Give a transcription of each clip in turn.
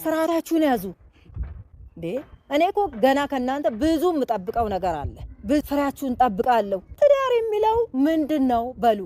ስርዓታችሁን ያዙ። እኔ እኮ ገና ከእናንተ ብዙ የምጠብቀው ነገር አለ። ስራችሁን ጠብቃለሁ። ትዳር የሚለው ምንድን ነው በሉ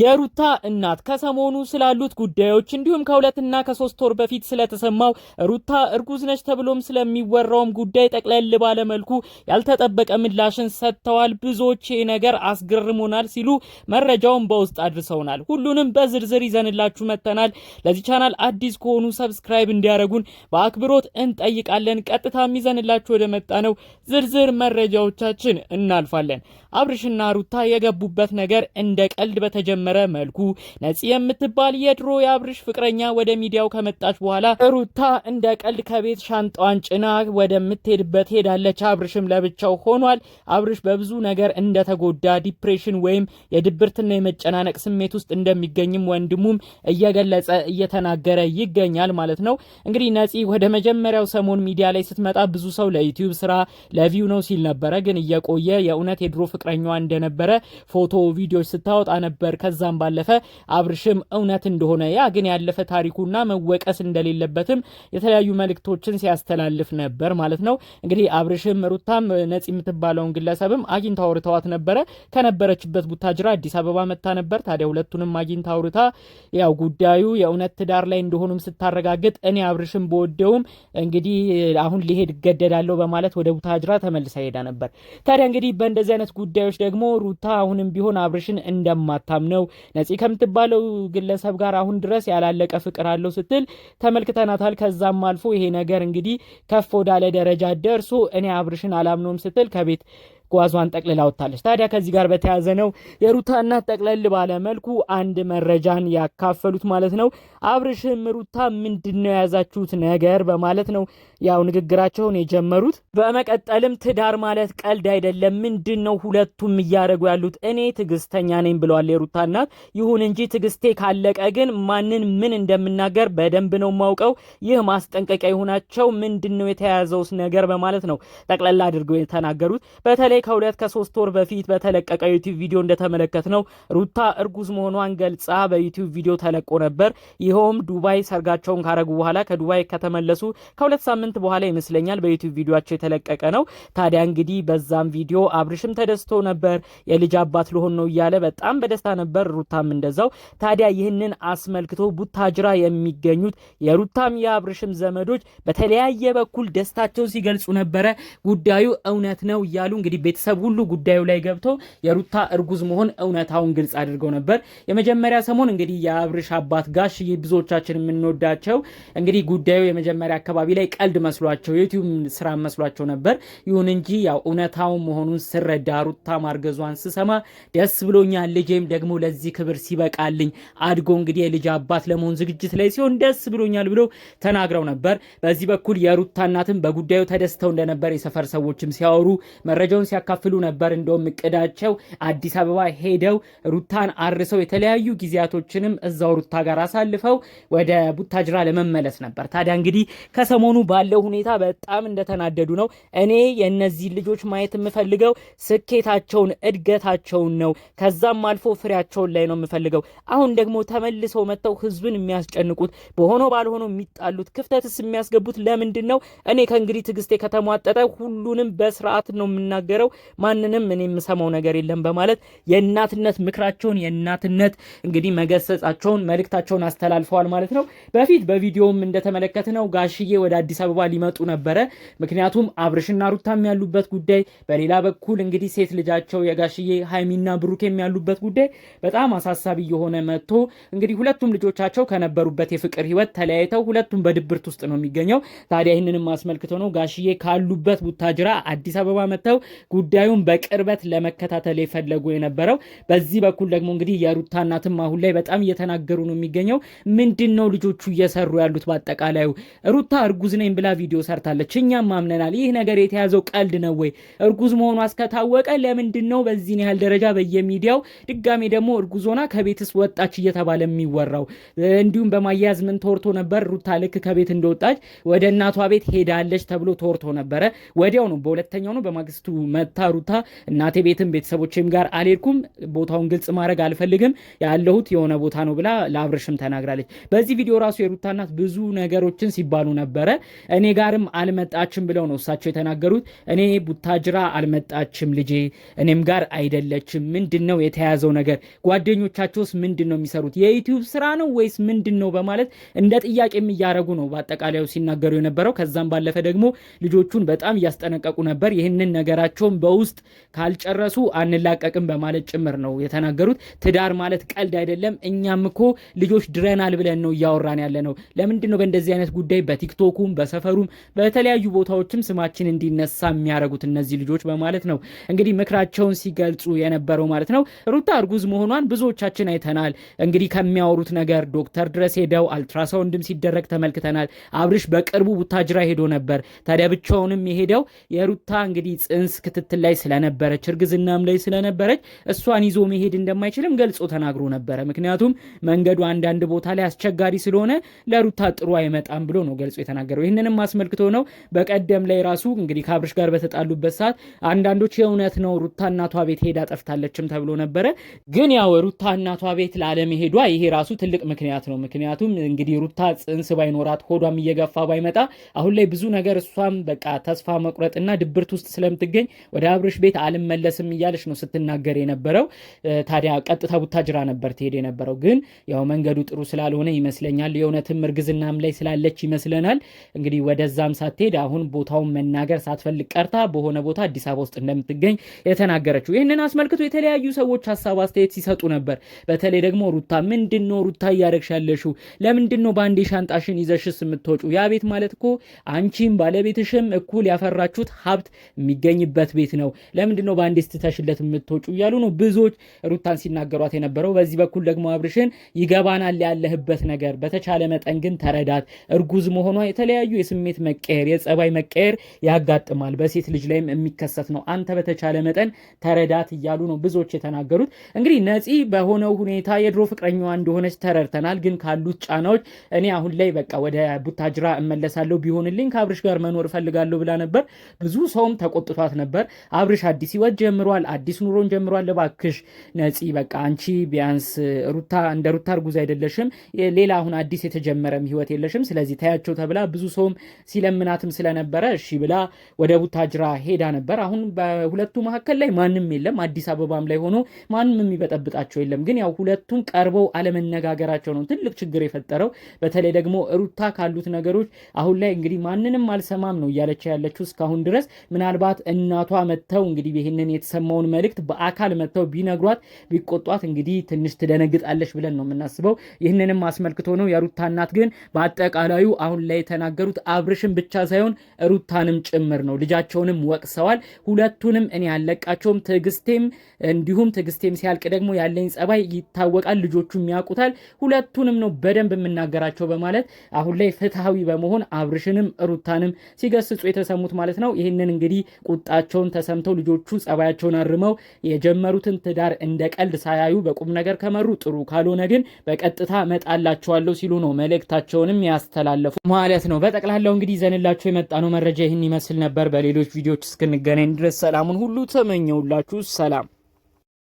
የሩታ እናት ከሰሞኑ ስላሉት ጉዳዮች እንዲሁም ከሁለትና ከሶስት ወር በፊት ስለተሰማው ሩታ እርጉዝ ነች ተብሎም ስለሚወራውም ጉዳይ ጠቅለል ባለመልኩ ያልተጠበቀ ምላሽን ሰጥተዋል። ብዙዎች ይህ ነገር አስገርሞናል ሲሉ መረጃውን በውስጥ አድርሰውናል። ሁሉንም በዝርዝር ይዘንላችሁ መጥተናል። ለዚህ ቻናል አዲስ ከሆኑ ሰብስክራይብ እንዲያደርጉን በአክብሮት እንጠይቃለን። ቀጥታ ይዘንላችሁ ወደ መጣ ነው ዝርዝር መረጃዎቻችን እናልፋለን። አብርሽና ሩታ የገቡበት ነገር እንደ ቀልድ በተጀመ በጨመረ መልኩ ነፂ የምትባል የድሮ የአብርሽ ፍቅረኛ ወደ ሚዲያው ከመጣች በኋላ ሩታ እንደ ቀልድ ከቤት ሻንጣዋን ጭና ወደምትሄድበት ሄዳለች። አብርሽም ለብቻው ሆኗል። አብርሽ በብዙ ነገር እንደተጎዳ ዲፕሬሽን ወይም የድብርትና የመጨናነቅ ስሜት ውስጥ እንደሚገኝም ወንድሙም እየገለጸ እየተናገረ ይገኛል ማለት ነው። እንግዲህ ነፂ ወደ መጀመሪያው ሰሞን ሚዲያ ላይ ስትመጣ ብዙ ሰው ለዩቲዩብ ስራ ለቪው ነው ሲል ነበረ። ግን እየቆየ የእውነት የድሮ ፍቅረኛዋ እንደነበረ ፎቶ ቪዲዮች ስታወጣ ነበር። ከዛም ባለፈ አብርሽም እውነት እንደሆነ ያ ግን ያለፈ ታሪኩና መወቀስ እንደሌለበትም የተለያዩ መልእክቶችን ሲያስተላልፍ ነበር ማለት ነው። እንግዲህ አብርሽም ሩታም ነፂ የምትባለውን ግለሰብም አግኝታ አውርተዋት ነበረ። ከነበረችበት ቡታጅራ አዲስ አበባ መታ ነበር። ታዲያ ሁለቱንም አግኝታ አውርታ ያው ጉዳዩ የእውነት ትዳር ላይ እንደሆኑም ስታረጋግጥ እኔ አብርሽም በወደውም እንግዲህ አሁን ሊሄድ እገደዳለሁ በማለት ወደ ቡታጅራ ተመልሳ ሄዳ ነበር። ታዲያ እንግዲህ በእንደዚህ አይነት ጉዳዮች ደግሞ ሩታ አሁንም ቢሆን አብርሽን እንደማታምነው ነው ነፂ ከምትባለው ግለሰብ ጋር አሁን ድረስ ያላለቀ ፍቅር አለው ስትል ተመልክተናታል። ከዛም አልፎ ይሄ ነገር እንግዲህ ከፍ ወዳለ ደረጃ ደርሶ እኔ አብርሽን አላምኖም ስትል ከቤት ጓዟን ጠቅልላ ወጥታለች። ታዲያ ከዚህ ጋር በተያያዘ ነው የሩታ እናት ጠቅለል ባለ መልኩ አንድ መረጃን ያካፈሉት ማለት ነው። አብርሽም ሩታ ምንድን ነው የያዛችሁት ነገር በማለት ነው ያው ንግግራቸውን የጀመሩት። በመቀጠልም ትዳር ማለት ቀልድ አይደለም፣ ምንድን ነው ሁለቱም እያደረጉ ያሉት? እኔ ትዕግስተኛ ነኝ ብለዋል የሩታ እናት። ይሁን እንጂ ትዕግስቴ ካለቀ ግን ማንን ምን እንደምናገር በደንብ ነው ማውቀው። ይህ ማስጠንቀቂያ የሆናቸው ምንድን ነው የተያያዘውስ ነገር በማለት ነው ጠቅለላ አድርገው የተናገሩት በተለይ በተለይ ከሁለት ከሶስት ወር በፊት በተለቀቀ ዩቲዩብ ቪዲዮ እንደተመለከት ነው ሩታ እርጉዝ መሆኗን ገልጻ በዩቲዩብ ቪዲዮ ተለቆ ነበር። ይኸውም ዱባይ ሰርጋቸውን ካረጉ በኋላ ከዱባይ ከተመለሱ ከሁለት ሳምንት በኋላ ይመስለኛል በዩቲዩብ ቪዲዮቸው የተለቀቀ ነው። ታዲያ እንግዲህ በዛም ቪዲዮ አብርሽም ተደስቶ ነበር። የልጅ አባት ልሆን ነው እያለ በጣም በደስታ ነበር፣ ሩታም እንደዛው። ታዲያ ይህንን አስመልክቶ ቡታጅራ የሚገኙት የሩታም የአብርሽም ዘመዶች በተለያየ በኩል ደስታቸውን ሲገልጹ ነበረ። ጉዳዩ እውነት ነው እያሉ እንግዲህ ቤተሰብ ሁሉ ጉዳዩ ላይ ገብተው የሩታ እርጉዝ መሆን እውነታውን ግልጽ አድርገው ነበር። የመጀመሪያ ሰሞን እንግዲህ የአብርሽ አባት ጋሽዬ ብዙዎቻችን የምንወዳቸው እንግዲህ ጉዳዩ የመጀመሪያ አካባቢ ላይ ቀልድ መስሏቸው የዩቲዩብ ስራ መስሏቸው ነበር። ይሁን እንጂ ያው እውነታውን መሆኑን ስረዳ ሩታ ማርገዟን ስሰማ ደስ ብሎኛል። ልጄም ደግሞ ለዚህ ክብር ሲበቃልኝ አድጎ እንግዲህ የልጅ አባት ለመሆን ዝግጅት ላይ ሲሆን ደስ ብሎኛል ብሎ ተናግረው ነበር። በዚህ በኩል የሩታ እናትም በጉዳዩ ተደስተው እንደነበር የሰፈር ሰዎችም ሲያወሩ መረጃውን ሲያካፍሉ ነበር። እንደውም እቅዳቸው አዲስ አበባ ሄደው ሩታን አርሰው የተለያዩ ጊዜያቶችንም እዛው ሩታ ጋር አሳልፈው ወደ ቡታጅራ ለመመለስ ነበር። ታዲያ እንግዲህ ከሰሞኑ ባለው ሁኔታ በጣም እንደተናደዱ ነው። እኔ የእነዚህ ልጆች ማየት የምፈልገው ስኬታቸውን፣ እድገታቸውን ነው። ከዛም አልፎ ፍሬያቸውን ላይ ነው የምፈልገው። አሁን ደግሞ ተመልሰው መጥተው ህዝብን የሚያስጨንቁት በሆኖ ባልሆኖ የሚጣሉት ክፍተትስ የሚያስገቡት ለምንድን ነው? እኔ ከእንግዲህ ትዕግስቴ ከተሟጠጠ ሁሉንም በስርዓት ነው የምናገረው ናቸው። ማንንም እኔ የምሰማው ነገር የለም በማለት የእናትነት ምክራቸውን የእናትነት እንግዲህ መገሰጻቸውን መልእክታቸውን አስተላልፈዋል ማለት ነው። በፊት በቪዲዮም እንደተመለከትነው ጋሽዬ ወደ አዲስ አበባ ሊመጡ ነበረ። ምክንያቱም አብርሽና ሩታም ያሉበት ጉዳይ፣ በሌላ በኩል እንግዲህ ሴት ልጃቸው የጋሽዬ ሀይሚና ብሩኬም ያሉበት ጉዳይ በጣም አሳሳቢ የሆነ መጥቶ እንግዲህ ሁለቱም ልጆቻቸው ከነበሩበት የፍቅር ህይወት ተለያይተው ሁለቱም በድብርት ውስጥ ነው የሚገኘው። ታዲያ ይህንንም አስመልክቶ ነው ጋሽዬ ካሉበት ቡታጅራ አዲስ አበባ መጥተው ጉዳዩን በቅርበት ለመከታተል የፈለጉ የነበረው። በዚህ በኩል ደግሞ እንግዲህ የሩታ እናትም አሁን ላይ በጣም እየተናገሩ ነው የሚገኘው። ምንድን ነው ልጆቹ እየሰሩ ያሉት? በአጠቃላዩ ሩታ እርጉዝ ነኝ ብላ ቪዲዮ ሰርታለች፣ እኛም አምነናል። ይህ ነገር የተያዘው ቀልድ ነው ወይ? እርጉዝ መሆኑ አስከታወቀ ለምንድን ነው በዚህን ያህል ደረጃ በየሚዲያው ድጋሜ ደግሞ እርጉዝ ሆና ከቤትስ ወጣች እየተባለ የሚወራው? እንዲሁም በማያያዝ ምን ተወርቶ ነበር? ሩታ ልክ ከቤት እንደወጣች ወደ እናቷ ቤት ሄዳለች ተብሎ ተወርቶ ነበረ። ወዲያው ነው በሁለተኛው ነው በማግስቱ መታ ሩታ እናቴ ቤትም ቤተሰቦችም ጋር አልሄድኩም፣ ቦታውን ግልጽ ማድረግ አልፈልግም፣ ያለሁት የሆነ ቦታ ነው ብላ ለአብርሽም ተናግራለች። በዚህ ቪዲዮ ራሱ የሩታ እናት ብዙ ነገሮችን ሲባሉ ነበረ። እኔ ጋርም አልመጣችም ብለው ነው እሳቸው የተናገሩት። እኔ ቡታጅራ አልመጣችም ልጄ፣ እኔም ጋር አይደለችም። ምንድን ነው የተያዘው ነገር? ጓደኞቻቸውስ ምንድን ነው የሚሰሩት? የዩቲዩብ ስራ ነው ወይስ ምንድን ነው በማለት እንደ ጥያቄም እያደረጉ ነው በአጠቃላዩ ሲናገሩ የነበረው። ከዛም ባለፈ ደግሞ ልጆቹን በጣም እያስጠነቀቁ ነበር። ይህንን ነገራቸው? ትዳሩን በውስጥ ካልጨረሱ አንላቀቅም በማለት ጭምር ነው የተናገሩት። ትዳር ማለት ቀልድ አይደለም። እኛም እኮ ልጆች ድረናል ብለን ነው እያወራን ያለ ነው። ለምንድን ነው በእንደዚህ አይነት ጉዳይ በቲክቶኩም በሰፈሩም በተለያዩ ቦታዎችም ስማችን እንዲነሳ የሚያደርጉት እነዚህ ልጆች በማለት ነው እንግዲህ ምክራቸውን ሲገልጹ የነበረው ማለት ነው። ሩታ እርጉዝ መሆኗን ብዙዎቻችን አይተናል። እንግዲህ ከሚያወሩት ነገር ዶክተር ድረስ ሄደው አልትራሳውንድም ሲደረግ ተመልክተናል። አብርሽ በቅርቡ ቡታጅራ ሄዶ ነበር። ታዲያ ብቻውንም የሄደው የሩታ እንግዲህ ጽንስ ክትትል ክትትል ላይ ስለነበረች እርግዝናም ላይ ስለነበረች እሷን ይዞ መሄድ እንደማይችልም ገልጾ ተናግሮ ነበረ። ምክንያቱም መንገዱ አንዳንድ ቦታ ላይ አስቸጋሪ ስለሆነ ለሩታ ጥሩ አይመጣም ብሎ ነው ገልጾ የተናገረው። ይህንንም አስመልክቶ ነው በቀደም ላይ ራሱ እንግዲህ ከአብርሽ ጋር በተጣሉበት ሰዓት አንዳንዶች የእውነት ነው ሩታ እናቷ ቤት ሄዳ ጠፍታለችም ተብሎ ነበረ። ግን ያው ሩታ እናቷ ቤት ላለመሄዷ ይሄ ራሱ ትልቅ ምክንያት ነው። ምክንያቱም እንግዲህ ሩታ ጽንስ ባይኖራት ሆዷም እየገፋ ባይመጣ አሁን ላይ ብዙ ነገር እሷም በቃ ተስፋ መቁረጥና ድብርት ውስጥ ስለምትገኝ ወደ አብርሽ ቤት አልመለስም እያለች ነው ስትናገር የነበረው። ታዲያ ቀጥታ ቡታጅራ ነበር ትሄድ የነበረው፣ ግን ያው መንገዱ ጥሩ ስላልሆነ ይመስለኛል የእውነትም እርግዝናም ላይ ስላለች ይመስለናል እንግዲህ ወደዛም ሳትሄድ አሁን ቦታውን መናገር ሳትፈልግ ቀርታ በሆነ ቦታ አዲስ አበባ ውስጥ እንደምትገኝ የተናገረችው። ይህንን አስመልክቶ የተለያዩ ሰዎች ሀሳብ አስተያየት ሲሰጡ ነበር። በተለይ ደግሞ ሩታ ምንድን ነው ሩታ እያደረግሽ ያለሽው? ለምንድን ነው በአንዴ ሻንጣሽን ይዘሽስ የምትወጪው? ያ ቤት ማለት እኮ አንቺም ባለቤትሽም እኩል ያፈራችሁት ሀብት የሚገኝበት ቤት ነው፣ ለምንድን ነው በአንዴ ስትተሽለት የምትወጩ እያሉ ነው ብዙዎች ሩታን ሲናገሯት የነበረው። በዚህ በኩል ደግሞ አብርሽን ይገባናል ያለህበት ነገር፣ በተቻለ መጠን ግን ተረዳት። እርጉዝ መሆኗ የተለያዩ የስሜት መቀየር፣ የጸባይ መቀየር ያጋጥማል። በሴት ልጅ ላይም የሚከሰት ነው። አንተ በተቻለ መጠን ተረዳት እያሉ ነው ብዙዎች የተናገሩት። እንግዲህ ነፂ በሆነው ሁኔታ የድሮ ፍቅረኛዋ እንደሆነች ተረድተናል። ግን ካሉት ጫናዎች እኔ አሁን ላይ በቃ ወደ ቡታጅራ እመለሳለሁ ቢሆንልኝ ከአብርሽ ጋር መኖር እፈልጋለሁ ብላ ነበር። ብዙ ሰውም ተቆጥቷት ነበር። አብርሽ አዲስ ህይወት ጀምሯል፣ አዲስ ኑሮን ጀምሯል። እባክሽ ነፂ በቃ አንቺ ቢያንስ ሩታ እንደ ሩታ እርጉዝ አይደለሽም፣ ሌላ አሁን አዲስ የተጀመረም ህይወት የለሽም። ስለዚህ ተያቸው ተብላ ብዙ ሰውም ሲለምናትም ስለነበረ እሺ ብላ ወደ ቡታጅራ ሄዳ ነበር። አሁን በሁለቱ መካከል ላይ ማንም የለም። አዲስ አበባም ላይ ሆኖ ማንም የሚበጠብጣቸው የለም። ግን ያው ሁለቱም ቀርበው አለመነጋገራቸው ነው ትልቅ ችግር የፈጠረው። በተለይ ደግሞ ሩታ ካሉት ነገሮች አሁን ላይ እንግዲህ ማንንም አልሰማም ነው እያለች ያለችው እስካሁን ድረስ ምናልባት እናቷ መጥተው እንግዲህ ይህንን የተሰማውን መልእክት በአካል መጥተው ቢነግሯት ቢቆጧት እንግዲህ ትንሽ ትደነግጣለች ብለን ነው የምናስበው። ይህንንም አስመልክቶ ነው የሩታ እናት ግን በአጠቃላዩ አሁን ላይ የተናገሩት አብርሽን ብቻ ሳይሆን ሩታንም ጭምር ነው። ልጃቸውንም ወቅሰዋል። ሁለቱንም እኔ ያለቃቸውም ትዕግስቴም እንዲሁም ትዕግስቴም ሲያልቅ ደግሞ ያለኝ ጸባይ ይታወቃል፣ ልጆቹም ያውቁታል። ሁለቱንም ነው በደንብ የምናገራቸው በማለት አሁን ላይ ፍትሐዊ በመሆን አብርሽንም ሩታንም ሲገስጹ የተሰሙት ማለት ነው። ይህንን እንግዲህ ቁጣቸውን ቃላቸውን ተሰምተው ልጆቹ ጸባያቸውን አርመው የጀመሩትን ትዳር እንደ ቀልድ ሳያዩ በቁም ነገር ከመሩ ጥሩ፣ ካልሆነ ግን በቀጥታ መጣላቸዋለሁ ሲሉ ነው መልእክታቸውንም ያስተላለፉ ማለት ነው። በጠቅላላው እንግዲህ ዘንላቸው የመጣ ነው መረጃ ይህን ይመስል ነበር። በሌሎች ቪዲዮዎች እስክንገናኝ ድረስ ሰላሙን ሁሉ ተመኘውላችሁ። ሰላም